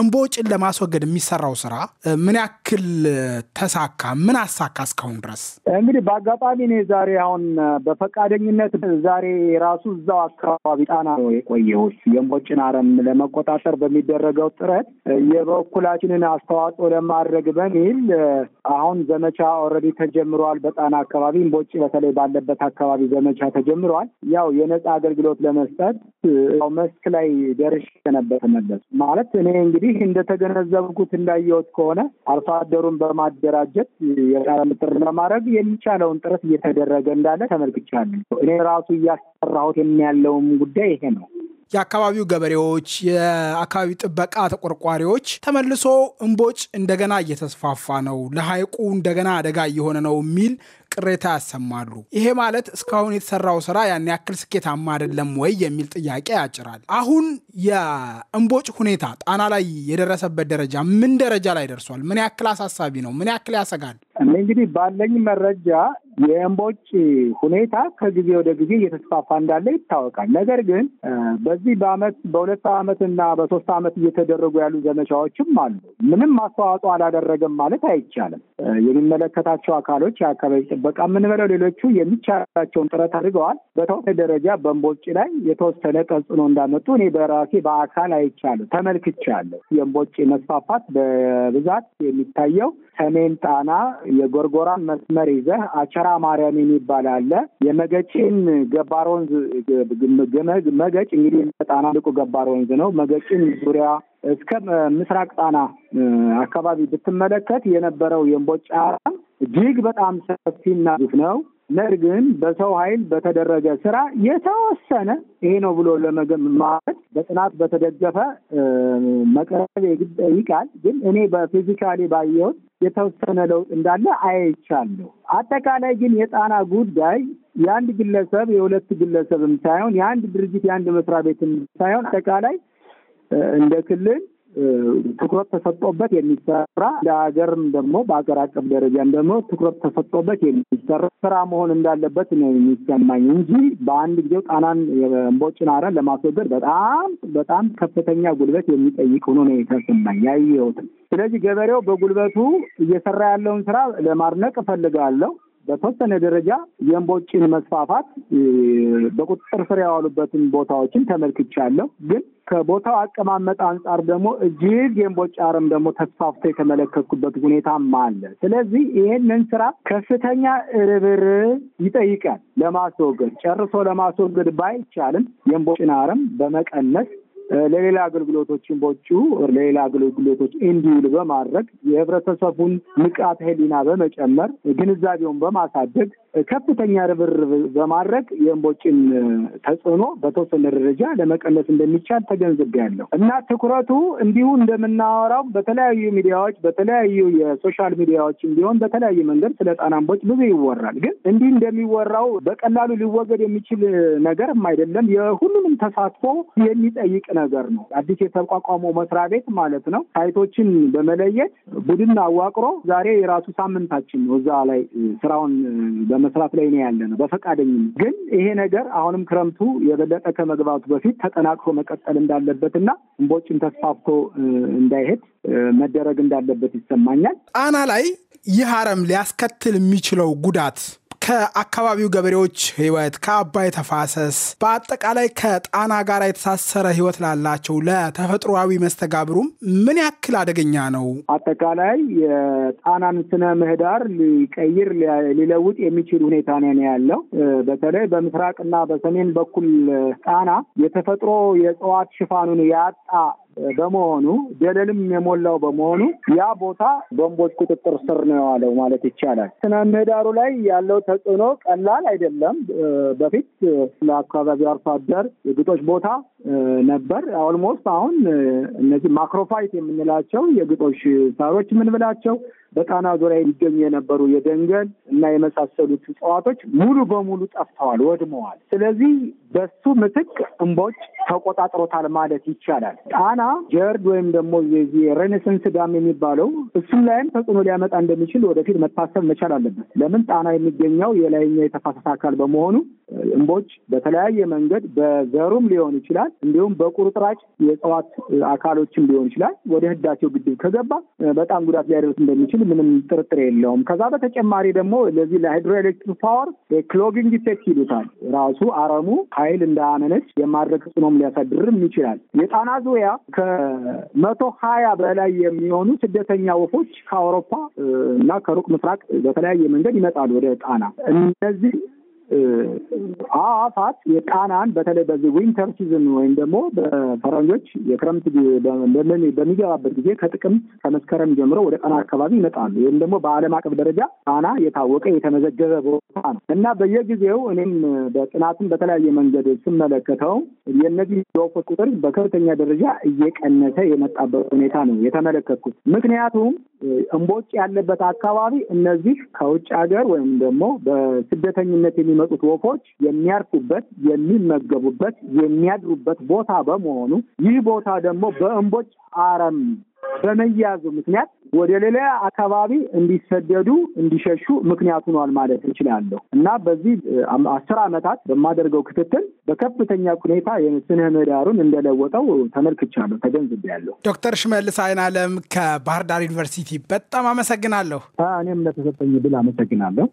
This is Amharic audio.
እምቦጭን ለማስወገድ የሚሰራው ስራ ምን ያክል ተሳካ? ምን አሳካ? እስካሁን ድረስ እንግዲህ በአጋጣሚ እኔ ዛሬ አሁን በፈቃደኝነት ዛሬ ራሱ እዛው አካባቢ ጣና ነው የቆየሁት። የእምቦጭን አረም ለመቆጣጠር በሚደረገው ጥረት የበኩላችንን አስተዋጽኦ ለማድረግ በሚል አሁን ዘመቻ ኦልሬዲ ተጀምሯል። በጣና አካባቢ እምቦጭ በተለይ ባለበት አካባቢ ዘመቻ ተጀምሯል። ያው የነፃ አገልግሎት ለመስጠት መስክ ላይ ደርሼ ነበር ተመለሱ ማለት እኔ እንግዲህ እንግዲህ እንደተገነዘብኩት እንዳየሁት ከሆነ አርሶ አደሩን በማደራጀት የጋራ ምጥር ለማድረግ የሚቻለውን ጥረት እየተደረገ እንዳለ ተመልክቻለሁ። እኔ ራሱ እያሰራሁት የሚያለውም ጉዳይ ይሄ ነው። የአካባቢው ገበሬዎች፣ የአካባቢ ጥበቃ ተቆርቋሪዎች ተመልሶ እምቦጭ እንደገና እየተስፋፋ ነው፣ ለሐይቁ እንደገና አደጋ እየሆነ ነው የሚል ቅሬታ ያሰማሉ። ይሄ ማለት እስካሁን የተሰራው ስራ ያን ያክል ስኬታማ አይደለም ወይ የሚል ጥያቄ ያጭራል። አሁን የእንቦጭ ሁኔታ ጣና ላይ የደረሰበት ደረጃ ምን ደረጃ ላይ ደርሷል? ምን ያክል አሳሳቢ ነው? ምን ያክል ያሰጋል? እንግዲህ ባለኝ መረጃ የእምቦጭ ሁኔታ ከጊዜ ወደ ጊዜ እየተስፋፋ እንዳለ ይታወቃል። ነገር ግን በዚህ በአመት በሁለት አመት እና በሶስት አመት እየተደረጉ ያሉ ዘመቻዎችም አሉ። ምንም አስተዋጽኦ አላደረገም ማለት አይቻልም። የሚመለከታቸው አካሎች የአካባቢ ጥበቃ የምንበለው ሌሎቹ የሚቻላቸውን ጥረት አድርገዋል። በተወሰነ ደረጃ በእምቦጭ ላይ የተወሰነ ተጽዕኖ እንዳመጡ እኔ በራሴ በአካል አይቻለሁ፣ ተመልክቻለሁ። የእምቦጭ መስፋፋት በብዛት የሚታየው ሰሜን ጣና የጎርጎራን መስመር ይዘህ አቻራ ተራ ማርያም የሚባል አለ። የመገጭን ገባር ወንዝ መገጭ እንግዲህ ጣና ልቁ ገባር ወንዝ ነው። መገጭን ዙሪያ እስከ ምስራቅ ጣና አካባቢ ብትመለከት የነበረው የእምቦጫ አራ እጅግ በጣም ሰፊና ዙፍ ነው። ነገር ግን በሰው ኃይል በተደረገ ስራ የተወሰነ ይሄ ነው ብሎ ለመገም ማለት በጥናት በተደገፈ መቅረብ ይቃል። ግን እኔ በፊዚካሊ ባየሁት የተወሰነ ለውጥ እንዳለ አይቻለሁ። አጠቃላይ ግን የጣና ጉዳይ የአንድ ግለሰብ የሁለት ግለሰብም ሳይሆን የአንድ ድርጅት የአንድ መስሪያ ቤትም ሳይሆን አጠቃላይ እንደ ክልል ትኩረት ተሰጥቶበት የሚሰራ ሀገርም ደግሞ በሀገር አቀፍ ደረጃም ደግሞ ትኩረት ተሰጥቶበት የሚሰራ ስራ መሆን እንዳለበት ነው የሚሰማኝ እንጂ በአንድ ጊዜው ጣናን እምቦጭን አረን ለማስወገድ በጣም በጣም ከፍተኛ ጉልበት የሚጠይቅ ሆኖ ነው የተሰማኝ ያየሁት። ስለዚህ ገበሬው በጉልበቱ እየሰራ ያለውን ስራ ለማድነቅ እፈልጋለሁ። በተወሰነ ደረጃ የእምቦጭን መስፋፋት በቁጥጥር ስር ያዋሉበትን ቦታዎችን ተመልክቻለሁ። ግን ከቦታው አቀማመጥ አንጻር ደግሞ እጅግ የእምቦጭ አረም ደግሞ ተስፋፍቶ የተመለከትኩበት ሁኔታም አለ። ስለዚህ ይህንን ስራ ከፍተኛ ርብርብ ይጠይቃል ለማስወገድ ጨርሶ ለማስወገድ ባይቻልም የእምቦጭን አረም በመቀነስ ለሌላ አገልግሎቶችን ቦቹ ለሌላ አገልግሎቶች እንዲውል በማድረግ የህብረተሰቡን ንቃተ ህሊና በመጨመር ግንዛቤውን በማሳደግ ከፍተኛ ርብርብ በማድረግ የእምቦጭን ተጽዕኖ በተወሰነ ደረጃ ለመቀነስ እንደሚቻል ተገንዝቤያለሁ እና ትኩረቱ እንዲሁ እንደምናወራው በተለያዩ ሚዲያዎች በተለያዩ የሶሻል ሚዲያዎች ቢሆን በተለያየ መንገድ ስለ ጣና እምቦጭ ብዙ ይወራል። ግን እንዲህ እንደሚወራው በቀላሉ ሊወገድ የሚችል ነገርም አይደለም። የሁሉንም ተሳትፎ የሚጠይቅ ነገር ነው። አዲስ የተቋቋመው መስሪያ ቤት ማለት ነው ሳይቶችን በመለየት ቡድን አዋቅሮ ዛሬ የራሱ ሳምንታችን ነው እዛ ላይ ስራውን በመስራት ላይ ነው ያለ ነው። በፈቃደኝነት ግን ይሄ ነገር አሁንም ክረምቱ የበለጠ ከመግባቱ በፊት ተጠናክሮ መቀጠል እንዳለበትና እንቦጭን ተስፋፍቶ እንዳይሄድ መደረግ እንዳለበት ይሰማኛል። ጣና ላይ ይህ አረም ሊያስከትል የሚችለው ጉዳት ከአካባቢው ገበሬዎች ህይወት፣ ከአባይ ተፋሰስ፣ በአጠቃላይ ከጣና ጋር የተሳሰረ ህይወት ላላቸው ለተፈጥሮዊ መስተጋብሩም ምን ያክል አደገኛ ነው? አጠቃላይ የጣናን ስነ ምህዳር ሊቀይር ሊለውጥ የሚችል ሁኔታ ነው ያለው። በተለይ በምስራቅና በሰሜን በኩል ጣና የተፈጥሮ የእጽዋት ሽፋኑን ያጣ በመሆኑ ደለልም የሞላው በመሆኑ ያ ቦታ ቦምቦች ቁጥጥር ስር ነው የዋለው ማለት ይቻላል። ስነ ምህዳሩ ላይ ያለው ተጽዕኖ ቀላል አይደለም። በፊት ለአካባቢው አርሶ አደር የግጦሽ ቦታ ነበር። ኦልሞስት አሁን እነዚህ ማክሮፋይት የምንላቸው የግጦሽ ሳሮች የምንብላቸው በጣና ዙሪያ የሚገኙ የነበሩ የደንገል እና የመሳሰሉት እጽዋቶች ሙሉ በሙሉ ጠፍተዋል፣ ወድመዋል። ስለዚህ በሱ ምትክ እምቦጭ ተቆጣጥሮታል ማለት ይቻላል። ጣና ጀርድ ወይም ደግሞ የዚህ ሬኔሰንስ ዳም የሚባለው እሱም ላይም ተጽዕኖ ሊያመጣ እንደሚችል ወደፊት መታሰብ መቻል አለበት። ለምን ጣና የሚገኘው የላይኛው የተፋሰስ አካል በመሆኑ እምቦች በተለያየ መንገድ በዘሩም ሊሆን ይችላል፣ እንዲሁም በቁርጥራጭ የእጽዋት አካሎችም ሊሆን ይችላል ወደ ህዳሴው ግድብ ከገባ በጣም ጉዳት ሊያደርስ እንደሚችል ምንም ጥርጥር የለውም። ከዛ በተጨማሪ ደግሞ ለዚህ ለሃይድሮኤሌክትሪክ ፓወር ክሎጊንግ ኢፌክት ይሉታል። ራሱ አረሙ ኃይል እንዳያመነጭ የማድረግ ጽኖም ሊያሳድርም ይችላል። የጣና ዙሪያ ከመቶ ሀያ በላይ የሚሆኑ ስደተኛ ወፎች ከአውሮፓ እና ከሩቅ ምስራቅ በተለያየ መንገድ ይመጣሉ ወደ ጣና እነዚህ አዋፋት የቃናን በተለይ በዚህ ዊንተር ሲዝን ወይም ደግሞ በፈረንጆች የክረምት በሚገባበት ጊዜ ከጥቅምት ከመስከረም ጀምሮ ወደ ጣና አካባቢ ይመጣሉ። ይህም ደግሞ በዓለም አቀፍ ደረጃ ቃና የታወቀ የተመዘገበ ቦታ ነው እና በየጊዜው እኔም በጥናትም በተለያየ መንገድ ስመለከተው የእነዚህ የወፎች ቁጥር በከፍተኛ ደረጃ እየቀነሰ የመጣበት ሁኔታ ነው የተመለከትኩት። ምክንያቱም እምቦጭ ያለበት አካባቢ እነዚህ ከውጭ ሀገር ወይም ደግሞ በስደተኝነት የሚመጡት ወፎች የሚያርፉበት፣ የሚመገቡበት፣ የሚያድሩበት ቦታ በመሆኑ ይህ ቦታ ደግሞ በእምቦጭ አረም በመያዙ ምክንያት ወደ ሌላ አካባቢ እንዲሰደዱ እንዲሸሹ ምክንያት ሆኗል ማለት እችላለሁ እና በዚህ አስር ዓመታት በማደርገው ክትትል በከፍተኛ ሁኔታ የስነ ምህዳሩን እንደለወጠው ተመልክቻለሁ፣ ተገንዝቤያለሁ። ዶክተር ሽመልስ አይን አለም ከባህር ዳር ዩኒቨርሲቲ በጣም አመሰግናለሁ። እኔም ለተሰጠኝ ብል አመሰግናለሁ።